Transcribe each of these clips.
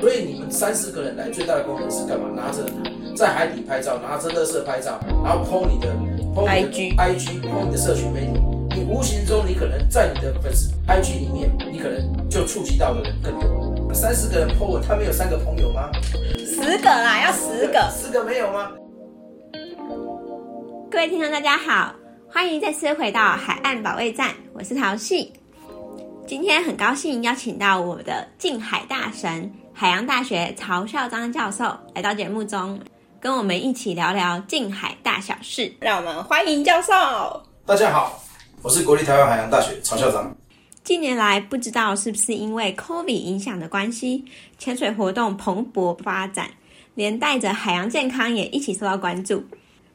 所以你們三四個人來，最大的功能是幹嘛？拿着在海底拍照，拿着垃圾拍照，然後 PO 你的 PO 你的 IG PO 你的社群媒體，你無形中你可能在你的粉絲 IG 裡面，你可能就觸及到的人更多。三四個人 PO，他沒有三個朋友嗎？十個啦，要十個。十個沒有嗎？各位聽眾大家好，歡迎再次回到海岸保衛戰，我是陶氣。今天很高興邀請到我們的淨海大神。海洋大學曹校章教授來到節目中，跟我們一起聊聊淨海大小事。讓我們歡迎教授。大家好，我是國立台灣海洋大學曹校章。近年來，不知道是不是因為 COVID 影響的關係，潛水活動蓬勃發展，連帶着海洋健康也一起受到關注。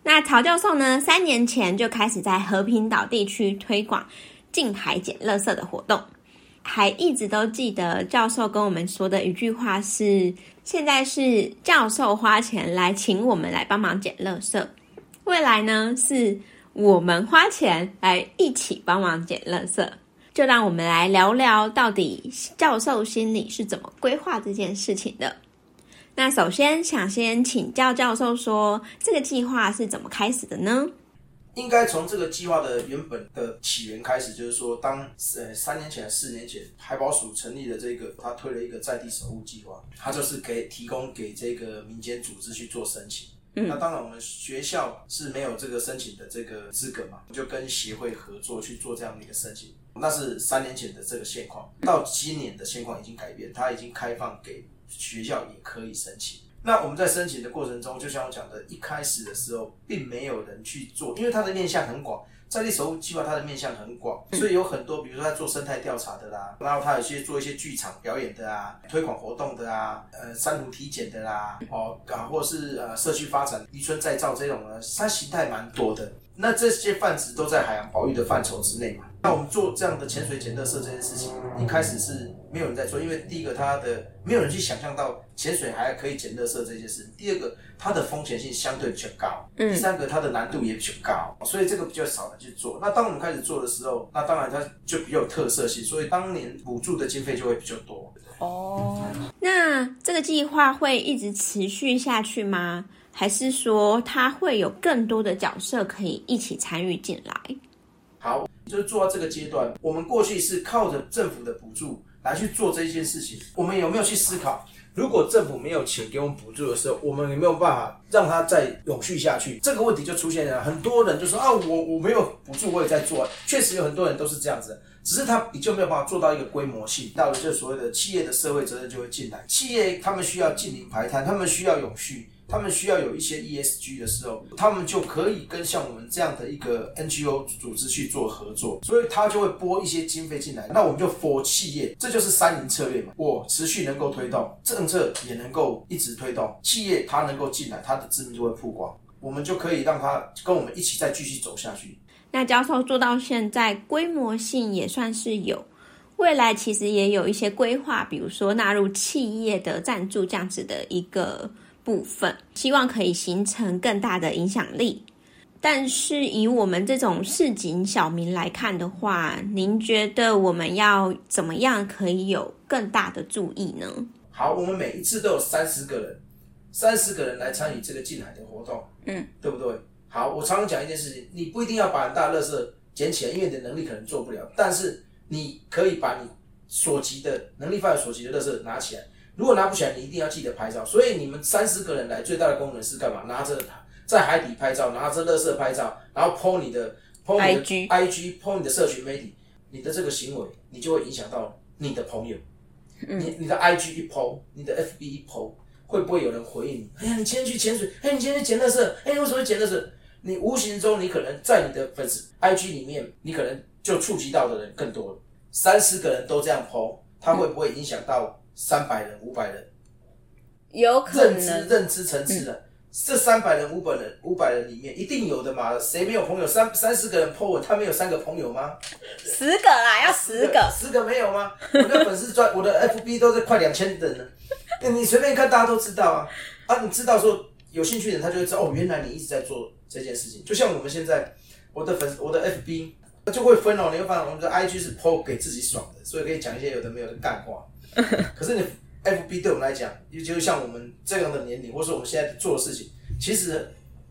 那曹教授呢，三年前就開始在和平島地區推廣淨海撿垃圾的活動。還一直都記得教授跟我們說的一句話是：現在是教授花錢來請我們來幫忙撿垃圾，未來呢，是我們花錢來一起幫忙撿垃圾。就讓我們來聊聊到底教授心裡是怎麼規劃這件事情的。那首先，想先請教教授說，這個計劃是怎麼開始的呢？應該從這個計劃的原本的起源開始，就是說，當呃三年前、四年前，海保署成立了這個，他推了一個在地守護計劃，他就是給提供給這個民間組織去做申請。嗯，那當然我們學校是沒有這個申請的這個資格嘛，就跟協會合作去做這樣的一個申請。那是三年前的這個現況，到今年的現況已經改變，他已經開放給學校也可以申請。那我們在申請的過程中，就像我講的，一開始的時候並沒有人去做，因為它的面向很廣，在在地守護計劃它的面向很廣，所以有很多，比如說在做生態調查的啦，然後他有些做一些劇場表演的啊，推廣活動的啊，呃，珊瑚體檢的啦，哦，啊，或是呃，社區發展、漁村再造這種呢，它形態蠻多的。那這些範子都在海洋保育的範疇之內嘛？那我們做這樣的潛水撿垃圾這件事情，一開始是沒有人在做，因為第一個它的沒有人去想象到潛水還可以撿垃圾這件事，第二個它的風險性相對比較高，第三個它的難度也比較高，所以這個比較少人去做。那當我們開始做的時候，那當然它就比較有特色性，所以當年補助的經費就會比較多。對對哦，那這個計劃會一直持續下去嗎？還是說它會有更多的角色可以一起參與進來？就是做到這個階段，我們過去是靠着政府的補助來去做這一件事情。我們有沒有去思考，如果政府沒有錢給我們補助的時候，我們有沒有辦法讓它再永續下去？這個問題就出現了。很多人就說啊，我我沒有補助，我也在做。確實有很多人都是這樣子的，只是他你就沒有辦法做到一個規模性。到了就所謂的企業的社會責任就會進來，企業他們需要淨零排碳，他們需要永續。他們需要有一些 ESG 的時候，他們就可以跟像我們這樣的一個 NGO 組織去做合作，所以他就會撥一些經費進來。那我們就 for 企業，這就是三贏策略嘛。我持續能夠推動政策，也能夠一直推動企業，它能夠進來，它的知名度就會曝光，我們就可以讓它跟我們一起再繼續走下去。那教授做到現在規模性也算是有，未來其實也有一些規劃，比如說納入企業的贊助這樣子的一個。部分希望可以形成更大的影響力，但是以我們這種市井小民來看的話，您覺得我們要怎麼樣可以有更大的注意呢？好，我們每一次都有三十個人，三十個人來參與這個淨海的活動，嗯，對不對？好，我常常講一件事情，你不一定要把很大垃圾撿起來，因為你的能力可能做不了，但是你可以把你所及的能力範圍所及的垃圾拿起來。如果拿不起來，你一定要記得拍照。所以你們三十個人來，最大的功能是幹嘛？拿着在海底拍照，拿着樂色拍照，然後 PO 你的，PO 你的 IG，PO IG，你的社群媒體，你的這個行為，你就會影響到你的朋友。嗯、你你的 IG 一 PO，你的 FB 一 PO，會不會有人回應你？哎呀，你今天去潛水，哎呀，你今天去撿樂色，哎呀，為什麼撿樂色？你無形中，你可能在你的粉絲 IG 裡面，你可能就觸及到的人更多了。三十個人都這樣 PO，他會不會影響到、嗯？三百人、五百人，有可能認知認知層次的、嗯。這三百人、五百人、五百人裡面，一定有的嘛？誰沒有朋友三三四個人 PO？他沒有三個朋友嗎？十個啦，十個啊，要十個，十個沒有嗎？我的粉絲專， 我的 FB 都在快兩千人了。你隨便看，大家都知道啊啊！你知道說有興趣的人，他就會知道哦。原來你一直在做這件事情。就像我們現在，我的粉，我的 FB 就會分哦。你會發現，我們的 IG 是 PO 給自己爽的，所以可以講一些有的沒有的幹話。 可是你 F B 對我們來講，就是像我們這樣的年齡，或是我們現在做的事情，其實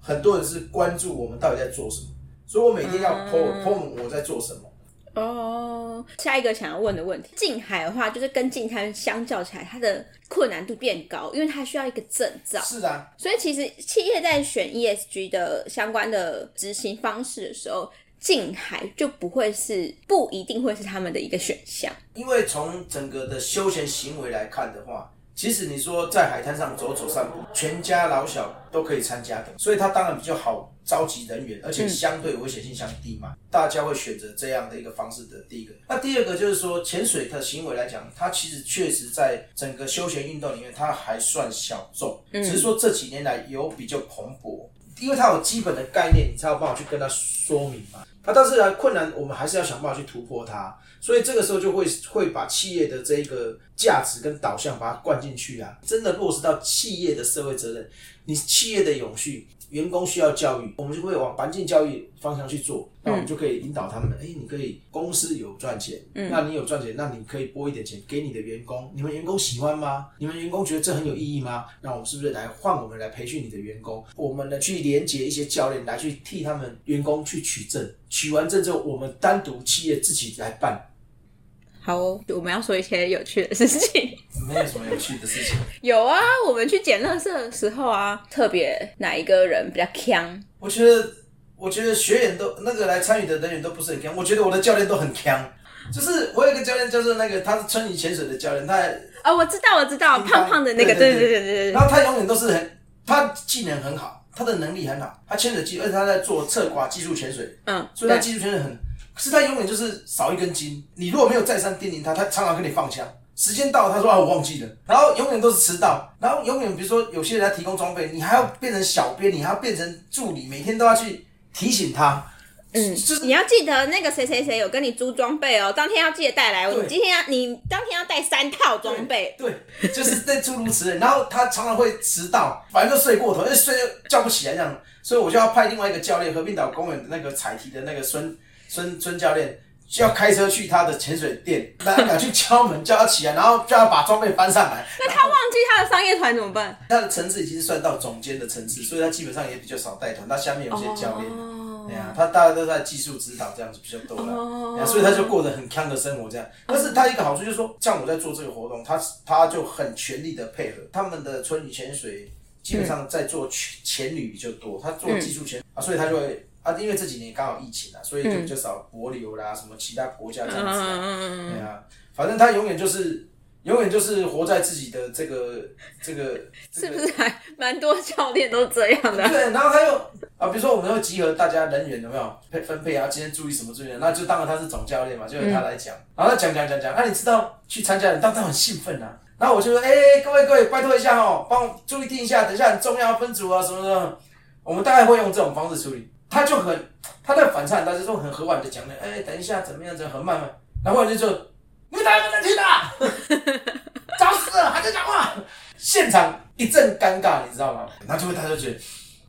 很多人是關注我們到底在做什麼，所以我每天要 Po、嗯、我在做什麼。哦，下一個想要問的問題，淨海的話，就是跟淨灘相較起來，它的困難度變高，因為它需要一個證照。是啊，所以其實企業在選 E S G 的相關的執行方式的時候，近海就不會是，不一定會是他們的一個選項，因為從整個的休閒行為來看的話，其實你說在海灘上走走散步，全家老小都可以參加的，所以它當然比較好召集人員，而且相對危險性相對低嘛、嗯，大家會選擇這樣的一個方式的。第一個，那第二個就是說潛水的行為來講，它其實確實在整個休閒運動裡面，它還算小眾、嗯，只是說這幾年來有比較蓬勃，因為它有基本的概念，你才有辦法去跟他說明嘛。啊，但是呢，困難我們還是要想辦法去突破它，所以這個時候就會會把企業的這個價值跟導向把它灌進去啊，真的落實到企業的社會責任，你企業的永續。員工需要教育，我們就會往環境教育方向去做，那我們就可以引導他們。哎、嗯欸，你可以公司有賺錢、嗯，那你有賺錢，那你可以撥一點錢給你的員工。你們員工喜歡嗎？你們員工覺得這很有意義嗎？那我們是不是來換我們來培訓你的員工？我們呢去連接一些教練來去替他們員工去取證，取完證之後，我們單獨企業自己來辦。好、哦，我們要說一些有趣的事情。 沒有什麼有趣的事情。 有啊，我們去撿垃圾的時候啊，特別哪一個人比較強？我覺得，我覺得學員都那個來參與的人員都不是很強。我覺得我的教練都很強。就是我有一個教練叫做那個，他是村里潛水的教練。他啊、哦，我知道，我知道，胖胖的那個，對對對對對。然後他永遠都是很，他技能很好，他的能力很好，他潛水技，而且他在做側掛技術潛水，嗯，所以他技術潛水很。可是他永遠就是少一根筋，你如果沒有再三叮嚀他，他常常跟你放槍。時間到他說啊，我忘記了。然後永遠都是遲到，然後永遠比如說有些人他提供裝備，你還要變成小編，你還要變成助理，每天都要去提醒他。嗯，就你要記得那個誰誰誰有跟你租裝備哦，當天要記得帶來。你今天要你當天要帶三套裝備對。對，就是諸如此類。然後他常常會遲到，反正就睡過頭，睡就睡叫不起來這樣。所以我就要派另外一個教練，和平島公園的那個彩旗的那個孫孫孫教練。就要開車去他的潛水店，那敢去敲門 叫他起來，然後叫他把裝備搬上來。那 他忘記他的商業團怎麼辦？他的層次已經算到總監的層次，所以他基本上也比較少帶團。他下面有些教練，哦，對啊，他大家都在技術指導這樣子比較多啦，哦啊。所以他就過得很康的生活這樣。但是他一個好處就是說，像我在做這個活動，他他就很全力的配合。他們的春雨潛水基本上在做潛潛旅比較多，嗯、他做技術潛、嗯、啊，所以他就會。啊，因為這幾年剛好疫情啊，所以就比較少國流啦、嗯，什麼其他國家這樣子啦。嗯，嗯對啊，反正他永遠就是永遠就是活在自己的這個、這個、這個。是不是還蠻多教練都這樣的？啊、對，然後他又啊，比如說我們又集合大家人員有沒有配分配啊？今天注意什麼注意？那就當然他是總教練嘛，就由他來講、嗯。然後他講講講講，那、啊、你知道去參加人當然很興奮啊。然後我就說，哎、欸，各位各位，拜托一下哦，幫我注意聽一下，等一下很重要，分組啊什麼什麼。我們大概會用這種方式處理。他就很，他在反串，但是說很和婉的講呢，哎、欸，等一下，怎麼樣子，很慢慢，然後我就說，你們能不能聽啊？找死了，還在講話，現場一陣尷尬，你知道嗎？然後就會他就覺得，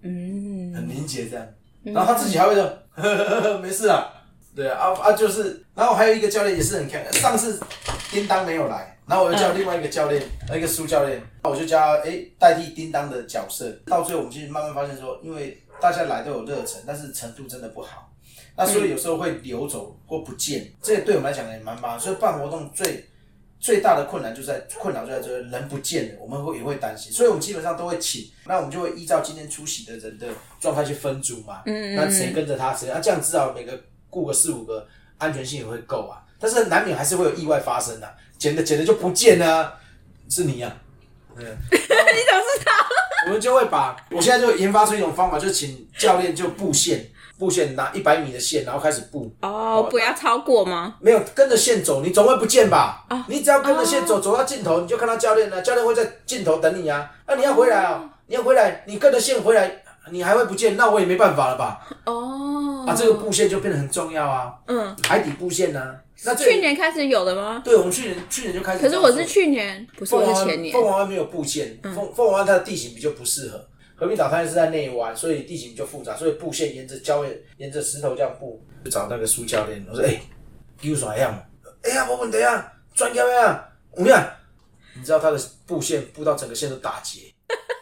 嗯，很凝結這樣，然後他自己還會說，呵呵呵呵沒事啊，對啊，啊就是，然後還有一個教練也是很看，上次叮當沒有來，然後我又叫另外一個教練，那、嗯、個蘇教練，我就叫他，哎、欸，代替叮當的角色，到最後我們其實慢慢發現說，因為。大家來都有熱忱，但是程度真的不好。那所以有時候會流走或不見，嗯、這個、對我們來講也蠻麻煩。所以辦活動最最大的困難就在困擾就在就是人不見了，我們會也會擔心。所以我們基本上都會請，那我們就會依照今天出席的人的狀態去分組嘛。嗯那誰跟着他，誰、嗯、那、啊、這樣至少每個顧個四五個，安全性也會夠啊。但是難免還是會有意外發生啊，撿的撿的就不見啊，是你呀、啊？嗯， 啊、你怎麼知道。我們就會把，我現在就研發出一種方法，就請教練就布線，布線拿一百米的線，然後開始布。哦、oh,，不要超過嗎？沒有，跟着線走，你總會不見吧？Oh, 你只要跟着線走，oh. 走到盡頭你就看到教練了、啊，教練會在盡頭等你啊。那、啊、你要回來哦、啊，oh. 你要回來，你跟着線回來。你還會不見，那我也沒辦法了吧？哦、oh,，啊，這個布線就變得很重要啊。嗯，海底布線呢、啊？那去年開始有的嗎？對，我們去年去年就開始。可是我是去年，不是，我是前年。鳳凰灣沒有布線，鳳、嗯、鳳凰灣它的地形比較不適合。和平島它當然是在內灣，所以地形比較複雜，所以布線沿着礁，沿着石頭這樣布。就找那個蘇教練，我說哎，Q 耍樣？哎、欸、呀、啊，沒問題啊，專業啊，我呀，你知道他的布線布到整個線都打結。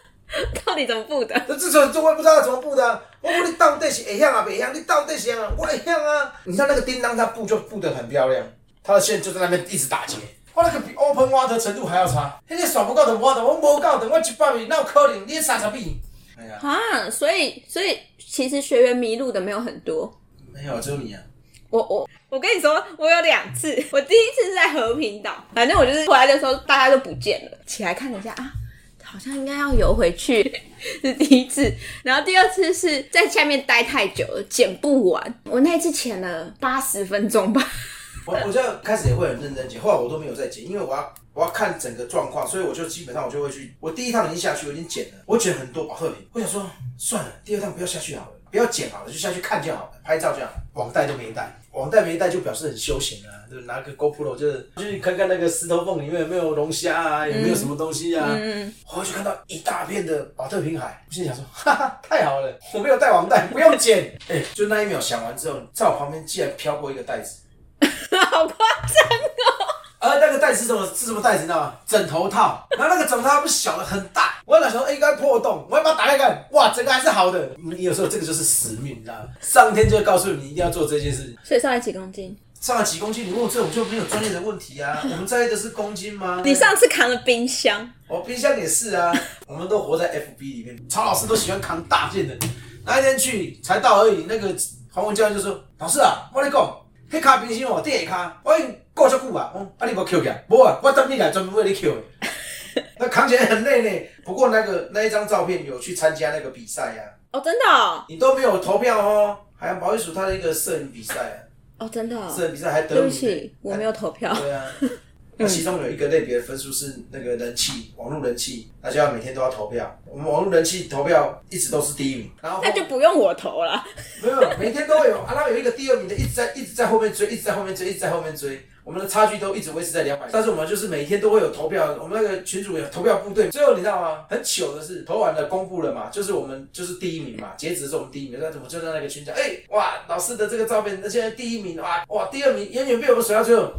到底怎麼布的？這至少這我也不知道怎麼布的、啊。我布你倒對線也一樣啊，不一樣、啊，你倒對線啊，我一樣啊，啊。你、嗯、看那，那個叮當，他布就布得很漂亮，他的線就在那邊一直打結。我那個比 open water 程度還要差。那、欸、你耍不夠長 water 我無夠長，我一百米那有可能，你三十米。哎呀，啊，所以所以其實學員迷路的沒有很多，沒有，只有你啊。我我我，我跟你說，我有兩次，我第一次是在和平島，反、啊、正我就是回來的時候大家都不見了，起來看了一下啊。好像應該要游回去，是第一次。然後第二次是在下面待太久了，撿不完。我那一次撿了八十分鐘吧，我。我我就開始也會很認真撿，後來我都沒有再撿，因為我要我要看整個狀況，所以我就基本上我就會去。我第一趟已經下去，我已經撿了，我撿很多寶特瓶。我想說，算了，第二趟不要下去好了。不要撿好了，就下去看就好了，拍照就好了。網袋都沒帶，網袋沒帶就表示很休閒啊，就拿個 GoPro 就是就是看看那個石頭縫裡面有沒有龍蝦啊，有、嗯、沒有什麼東西啊。嗯嗯就看到一大片的寶特瓶海，我心裡想說，哈哈，太好了，我沒有帶網袋， 不用撿。哎、欸，就那一秒想完之後，在我旁邊竟然飄過一個袋子， 好誇張哦。而那個袋子是什麼是什麼袋子你知道嗎？枕頭套。然後那個枕頭套不是小的，很大。我老想說，哎、欸，應該破洞，我要把它打開看，哇，整個還是好的。你有時候這個就是使命，你知道嗎？上天就會告訴你一定要做這件事情。所以上來幾公斤，上來幾公斤，你問我這種就沒有專業的問題啊？ 我們在意的是公斤嗎？你上次扛了冰箱，哦，冰箱也是啊。我們都活在 FB 裡面，曹老師都喜歡扛大件的。那一天去才到而已，那個黃文教員就說：“老師啊，我來講，可以扛冰箱哦、啊，電也扛。我已經過十股啊，啊你我，你無扣㗎？我啊，我等你來，專門為你扣。” 那扛起來很累呢。不過那個那一張照片有去參加那個比賽呀。哦，真的，哦。你都沒有投票哦。還有毛衣鼠他的一個攝影比賽，啊。Oh, 哦，真的。攝影比賽還得不。對不起，我沒有投票，啊。對啊。 嗯，那其中有一個類別的分數是那個人氣，網絡人氣，那就要每天都要投票。我們網絡人氣投票一直都是第一名。然後，後那就不用我投了。 沒有，每天都有。啊，那有一個第二名的一直在一直在後面追，一直在後面追，一直在後面追。我們的差距都一直維持在兩百，但是我們就是每天都會有投票，我們那個群主也投票部隊。最後你知道嗎？很糗的是，投完了公布了嘛，就是我們就是第一名嘛，截止是我們第一名。那怎麼就在那個群講？哎、欸、哇，老師的這個照片，那現在第一名哇哇，第二名遠遠被我們甩到最後。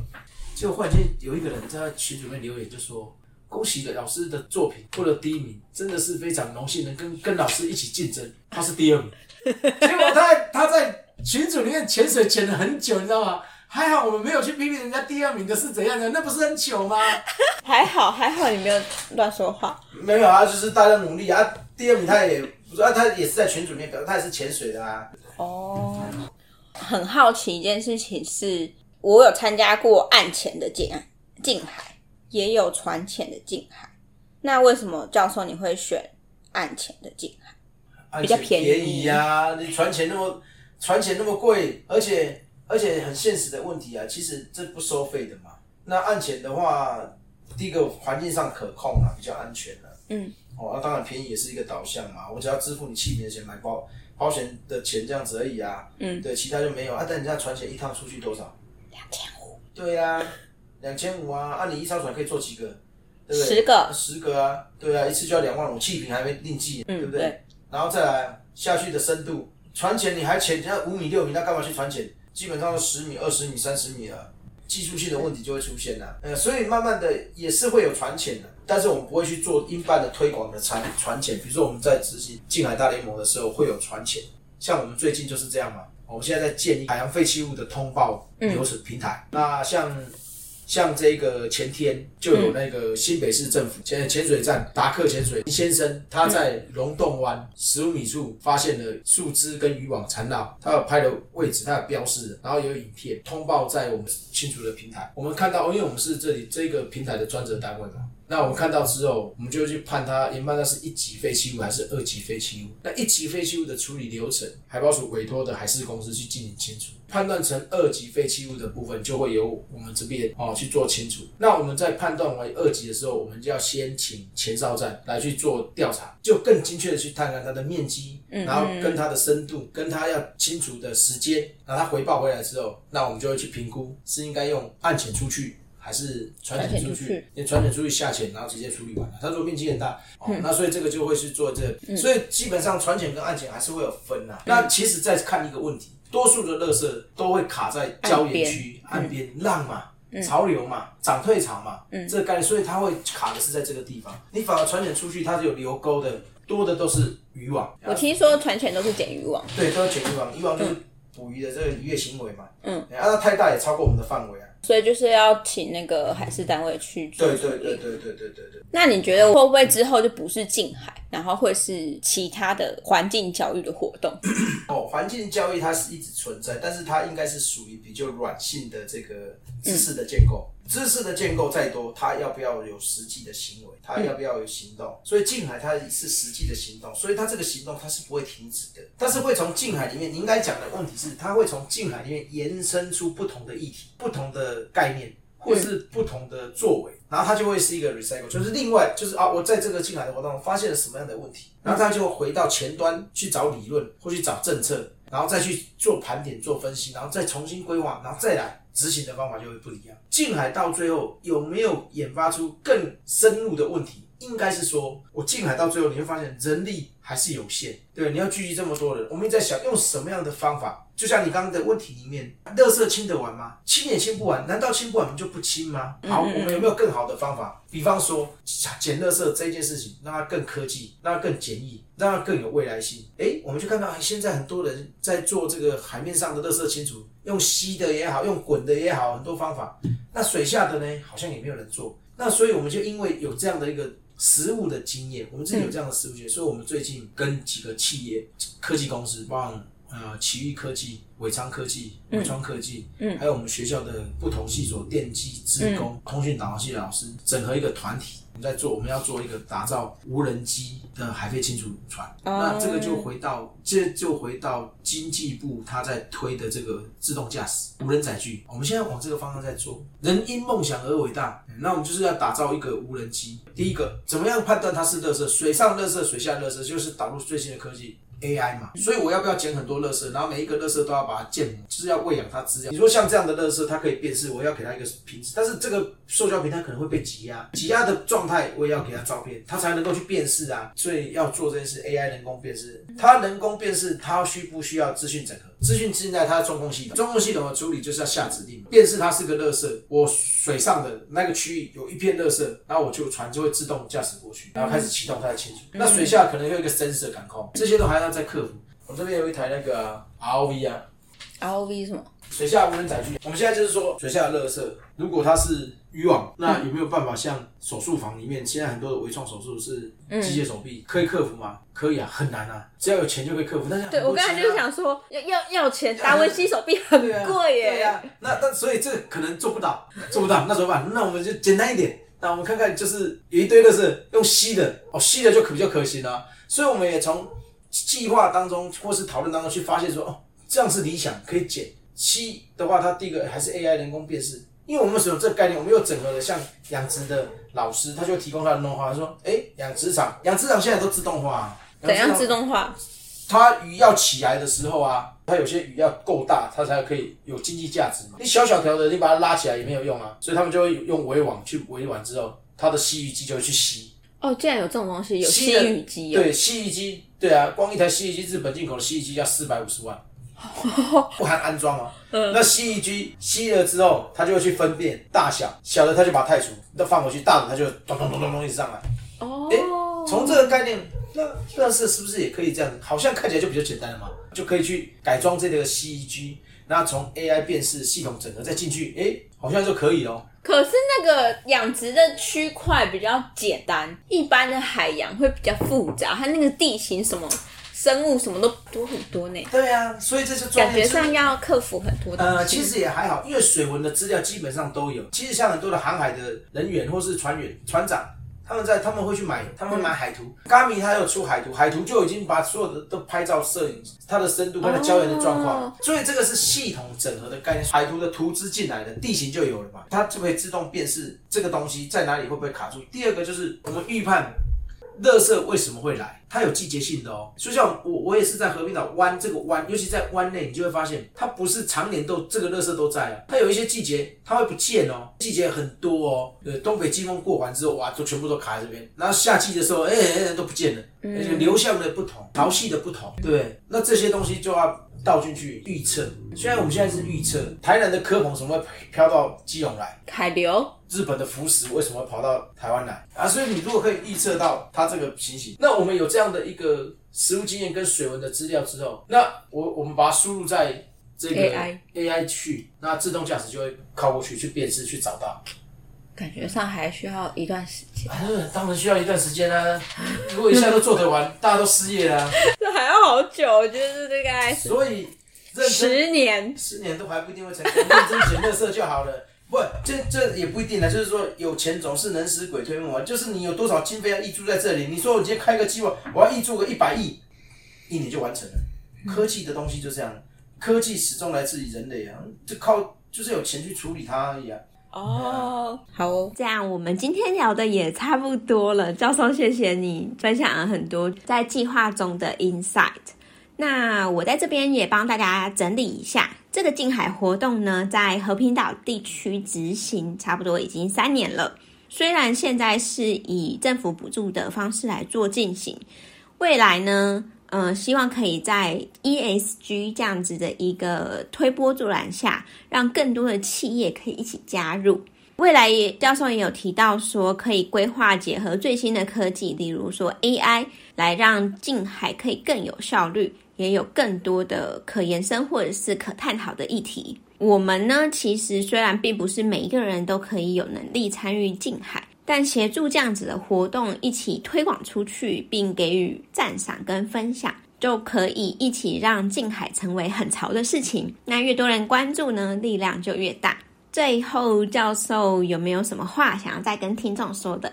結果忽然間有一個人在他群組裡面留言就說：“恭喜的老師的作品獲得第一名，真的是非常榮幸能跟跟老師一起競爭。”他是第二名。 結果他他在群組裡面潛水潛了很久，你知道嗎？還好我們沒有去批評人家第二名的是怎樣的，那不是很糗嗎？還好，還好你沒有亂說話。 沒有啊，就是大家努力啊。第二名他也不知道，他也是在群組裡面，他也是潛水的啊。哦、oh.，很好奇一件事情是，我有參加過岸潛的淨淨海，也有船潛的淨海。那為什麼教授你會選岸潛的淨海？啊？比較便宜啊，嗯、你船潛那麼船潛那麼貴，而且。而且很現實的問題啊，其實這不收費的嘛。那岸潛的話，第一個環境上可控啊，比較安全的。嗯。哦，那、啊、當然便宜也是一個導向嘛。我只要支付你氣瓶的錢、買保保險的錢這樣子而已啊。嗯。對，其他就沒有啊。但你這樣船潛一趟出去多少？兩千五。對啊，兩千五啊。按、啊、你一艘船可以坐幾個對不對？十個。十個啊，對啊，一次就要兩萬五。氣瓶還沒另計、啊嗯，對不對,對？然後再來下去的深度，船潛你還潛？那五米、六米，那幹嘛去船潛基本上十米、二十米、三十米了，啊，技術性的問題就會出現啦，啊。呃，所以慢慢的也是會有船潛的，但是我們不會去做一般的推廣的船船潛。比如說我們在執行近海大聯盟的時候會有船潛，像我們最近就是這樣嘛。我們現在在建立海洋廢棄物的通報流水平台，嗯，那像。像這個前天就有那個新北市政府潛潛水站達克潛水先生，他在龍洞灣十五米處發現了樹枝跟漁網纏繞，他有拍的位置，他有標示，然後也有影片通報在我們清除的平台，我們看到，哦，因為我們是這裡這個平台的專責單位嘛。那我們看到之後，我們就會去判它，研判它是一級廢棄物還是二級廢棄物。那一級廢棄物的處理流程，海保署委托的海事公司去進行清除。判斷成二級廢棄物的部分，就會由我們這邊哦去做清除。那我們在判斷為二級的時候，我們就要先請前哨站來去做調查，就更精確的去探看它的面積，然後跟它的深度，跟它要清除的時間。然後它回報回來之後，那我們就會去評估，是應該用岸潛出去。還是船潛出去，你船潛出去下潛，然後直接處理完了。他說面積很大哦、嗯，那所以這個就會去做這，所以基本上船潛跟岸潛還是會有分吶、啊。那其實再看一個問題，多數的垃圾都會卡在礁岩區岸邊浪嘛，潮流嘛，漲退潮嘛，嗯，這個概念，所以它會卡的是在這個地方。你反而船潛出去，它是有留鈎的，多的都是漁網。我聽說船潛都是撿漁網，對，都是撿漁網，漁網就是捕魚的這個漁業行為嘛，嗯，那它太大也超過我們的範圍啊。所以就是要請那個海事單位去做。對對對對對對對對。那你覺得會不會之後就不是淨海，然後會是其他的環境教育的活動？哦，環境教育它是一直存在，但是它應該是屬於比較軟性的這個知識的建構。嗯、知識的建構再多，它要不要有實際的行為？它要不要有行動？嗯、所以淨海它是實際的行動，所以它這個行動它是不會停止的。但是會從淨海裡面，你應該講的問題是，它會從淨海裡面延伸出不同的議題，不同的。概念，或是不同的作為，然後它就會是一個 recycle，就是另外就是啊，我在這個進來的活動發現了什麼樣的問題，然後它就回到前端去找理論，或去找政策，然後再去做盤點、做分析，然後再重新規劃，然後再來。執行的方法就會不一樣。淨海到最後有沒有研發出更深入的問題？應該是說，我淨海到最後你會發現人力還是有限。對，你要聚集這麼多人，我們在想用什麼樣的方法？就像你剛剛的問題裡面，垃圾清得完嗎？清也清不完，難道清不完就不清嗎？好，我們有沒有更好的方法？比方說，撿垃圾這件事情，讓它更科技，讓它更簡易，讓它更有未來性。誒，我們就看到現在很多人在做這個海面上的垃圾清除。用吸的也好，用滾的也好，很多方法。嗯。那水下的呢？好像也沒有人做。那所以我們就因為有這樣的一個實務的經驗。嗯，我們自己有這樣的實務經驗，所以我們最近跟幾個企業、科技公司，包含，呃奇遇科技。偉昌科技，偉昌科技、嗯嗯，還有我們學校的不同系所，電機、資工、嗯、通訊導航系的老師，整合一個團體，我們在做，我們要做一個打造無人機的海廢清除船，嗯。那這個就回到，這就回到經濟部他在推的這個自動駕駛無人載具。我們現在往這個方向在做，人因夢想而偉大。那我們就是要打造一個無人機。第一個，怎麼樣判斷它是垃圾？水上垃圾、水下垃圾，就是導入最新的科技。AI 嘛，所以我要不要撿很多垃圾，然後每一個垃圾都要把它建模，就是要餵養它資料。你說像這樣的垃圾，它可以辨識，我要給它一個瓶子，但是這個塑膠瓶它可能會被擠壓，擠壓的狀態我也要給它照片，它才能夠去辨識啊。所以要做這件事，AI 人工辨識，它人工辨識，它需不需要資訊整合？資訊資訊在它的中控系統，中控系統的處理就是要下指令。辨識它是個垃圾，我水上的那個區域有一片垃圾，然後我就船就會自動駕駛過去，然後開始啟動它的清除、嗯。那水下可能會有一個 sensor 感控，這些都還要再克服。我這邊有一台那個啊 ROV 啊，ROV 什麼？水下無人載具。我們現在就是說，水下的垃圾，如果它是。漁網，那有沒有辦法像手術房裡面現在很多的微創手術是機械手臂、嗯、可以克服嗎？可以啊，很難啊，只要有錢就可以克服。但是、啊、對我剛才就是想說、啊、要要錢，達文西手臂很貴耶。對啊對啊、那那所以這可能做不到，做不到，那怎麼辦？ 那我們就簡單一點，那我們看看就是有一堆的是用吸的哦，吸的就比較可行啊。所以我們也從計劃當中或是討論當中去發現說哦，這樣是理想，可以減吸的話，它第一個還是 AI 人工辨識。因為我們是有這個概念，我們又整合了像養殖的老師，他就會提供他的動畫，他說：哎、欸，養殖場，養殖場現在都自動化。怎樣自動化？他魚要起來的時候啊，他有些魚要夠大，它才可以有經濟價值嘛。你小小條的，你把它拉起來也沒有用啊。所以他們就會用圍網去圍完之後它的吸魚機就會去吸。哦，竟然有這種東西，有吸魚機。對，吸魚機，對啊，光一台吸魚機，日本進口的吸魚機要四百五十萬。 不含安裝嗎？嗯、那 C E G 吸了之後，它就會去分辨大小，小的它就把泰銖放回去，大的它就咚咚咚咚咚一直上來。哦，從、欸、這個概念，那測試是不是也可以這樣子？好像看起來就比較簡單了嘛，就可以去改裝這個 C E G。那從 A I 辨識系統整合再進去，哎、欸，好像就可以嘍。可是那個養殖的區塊比較簡單，一般的海洋會比較複雜，它那個地形什麼？生物什麼都多很多呢、欸，對啊，所以這是感覺上要克服很多。呃，其實也還好，因為水文的資料基本上都有。其實像很多的航海的人員或是船員、船長，他們在他們會去買，他們會買海圖。嘎、嗯、米他有出海圖，海圖就已經把所有的都拍照攝影，它的深度、它的礁岩的狀況、哦。所以這個是系統整合的概念，海圖的圖資進來的地形就有了嘛，它就可以自動辨識這個東西在哪裡會不會卡住。第二個就是我們預判。垃圾為什麼會來？它有季節性的哦。就像我，我也是在和平島灣這個灣，尤其在灣內，你就會發現它不是常年都這個垃圾都在啊。它有一些季節，它會不見哦。季節很多哦。對，東北季風過完之後，哇，就全部都卡在這邊。然後夏季的時候，哎、欸，人、欸欸、都不見了。而、欸、且流向的不同，潮汐的不同，對。那這些東西就要。倒進去預測，雖然我們現在是預測、嗯，台南的蚵棚怎麼會飄到基隆來？海流，日本的浮石為什麼會跑到台灣來？啊，所以你如果可以預測到它這個情形，那我們有這樣的一個實務經驗跟水文的資料之後，那我我們把它輸入在這個 AI 去，那自動駕駛就會靠過去去辨識去找到。感覺上還需要一段時間，啊就是、當然需要一段時間啦、啊啊。如果一下都做得完， 大家都失業啦。 這還要好久，我、就是得這個開，所以這十年，十年都還不一定會成功，認 真撿樂色就好了。不，這這也不一定啦，就是說，有錢總是能使鬼推磨、啊、就是你有多少經費要挹注在這裡，你說我今天開個計劃，我要挹注個一百億，一年就完成了、嗯。科技的東西就這樣，科技始終來自於人類啊，就靠就是有錢去處理它而已啊。Oh, 哦，好，這樣我們今天聊的也差不多了。教授，謝謝你分享了很多在計劃中的 insight。那我在這邊也幫大家整理一下，這個淨海活動呢，在和平島地區執行差不多已經三年了。雖然現在是以政府補助的方式來做進行，未來呢？嗯，希望可以在 ESG 這樣子的一個推波助瀾下，讓更多的企業可以一起加入。未來也教授也有提到說，可以規劃結合最新的科技，例如說 AI，來讓淨海可以更有效率，也有更多的可延伸或者是可探討的議題。我們呢，其實雖然並不是每一個人都可以有能力參與淨海。但協助這樣子的活動一起推廣出去，並給予讚賞跟分享，就可以一起讓淨海成為很潮的事情。那越多人關注呢，力量就越大。最後，教授有沒有什麼話想要再跟聽眾說的？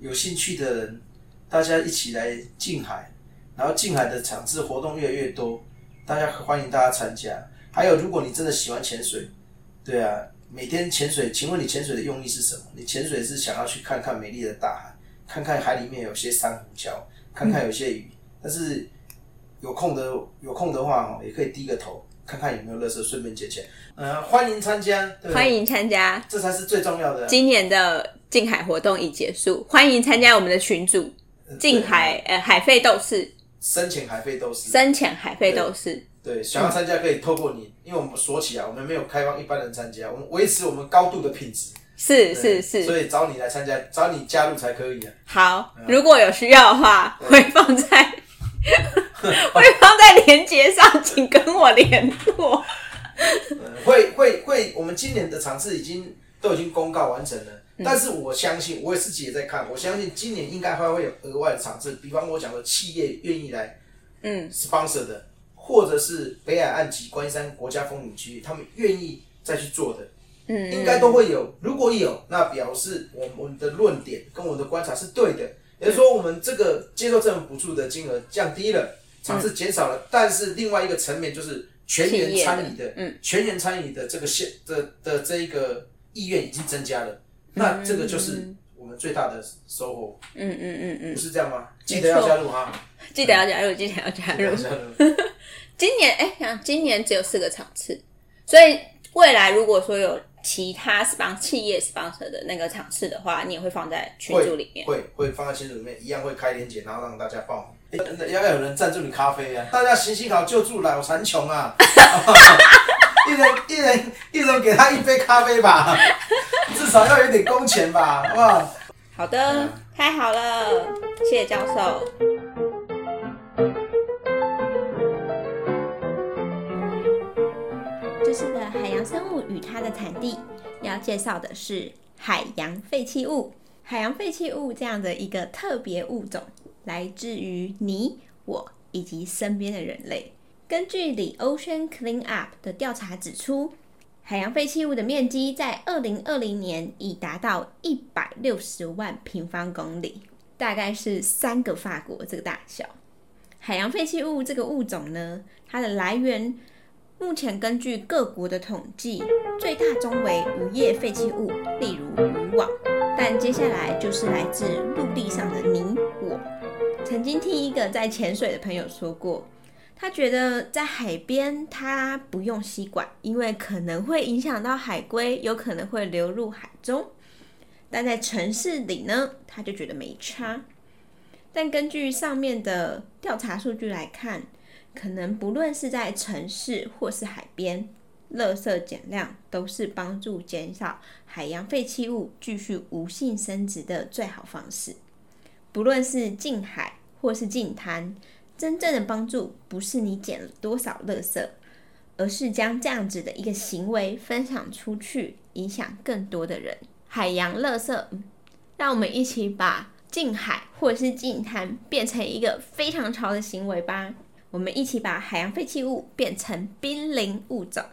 有興趣的人，大家一起來淨海，然後淨海的場次活動越來越多，大家歡迎大家參加。還有，如果你真的喜歡潛水，對啊。每天潛水，請問你潛水的用意是什麼？你潛水是想要去看看美麗的大海，看看海裡面有些珊瑚礁，看看有些魚、嗯。但是有空的有空的話也可以低個頭，看看有沒有垃圾，順便撿撿。呃，歡迎參加，歡迎參加，加，這才是最重要的、啊。今年的淨海活動已結束，歡迎參加我們的群組淨海，嗯呃、海廢鬥士，深潛海廢鬥士，深潛海廢鬥士。對，想要參加可以透過你，嗯、因為我們鎖起啊，我們沒有開放一般人參加，我們維持我們高度的品質，是是是，所以找你來參加，找你加入才可以啊。好，嗯、如果有需要的話，會放在 會放在連結上，請跟我聯絡、 嗯。會會會，我們今年的場次已經都已經公告完成了，嗯、但是我相信，我也自己也在看，我相信今年應該還會有額外的場次，比方我講的，企業願意來，嗯，sponsor 的。嗯或者是北海岸及觀音山國家風景區，他們願意再去做的，嗯，應該都會有。如果有，那表示我們的論點跟我們的觀察是對的，也就是說，我們這個接受政府補助的金額降低了，場次減少了，嗯，但是另外一個層面就是全員參與的，嗯，全員參與的這個現的的，的這一個意願已經增加了，那這個就是。我們最大的收、SO. 穫、嗯，嗯嗯嗯嗯，嗯不是這樣嗎？記得要加入哈記、嗯、記得要加入，記得要加入。 今年哎、欸，今年只有四個場次，所以未來如果說有其他 sponsor 企業 sponsor 的那個場次的話，你也會放在群組裡面，會會，會放在群組裡面，一樣會開連結，然後讓大家報。真、欸、的，要要有人贊助你咖啡啊？ 大家行行好，救助老殘窮啊！ 一人一人一人給他一杯咖啡吧，至少要有一點工錢吧，好不好？好的，太好了，謝謝教授。這次的海洋生物與它的產地，要介紹的是海洋廢棄物。海洋廢棄物這樣的一個特別物種，來自於你我以及身邊的人類。根據 The Ocean Cleanup 的調查指出，海洋廢棄物的面積在二零二零年已達到一百六十萬平方公里，大概是三個法國這個大小。海洋廢棄物這個物種呢，它的來源目前根據各國的統計，最大宗為漁業廢棄物，例如漁網。但接下來就是來自陸地上的你我。曾經聽一個在潛水的朋友說過。他覺得在海邊，他不用吸管，因為可能會影響到海龜，有可能會流入海中。但在城市裡呢，他就覺得沒差。但根據上面的調查數據來看，可能不論是在城市或是海邊，垃圾減量都是幫助減少海洋廢棄物繼續無性生殖的最好方式。不論是淨海或是淨灘。真正的幫助不是你撿了多少垃圾，而是將這樣子的一個行為分享出去，影響更多的人。海洋垃圾，嗯，讓我們一起把淨海或者是淨灘變成一個非常潮的行為吧。我們一起把海洋廢棄物變成瀕臨物種。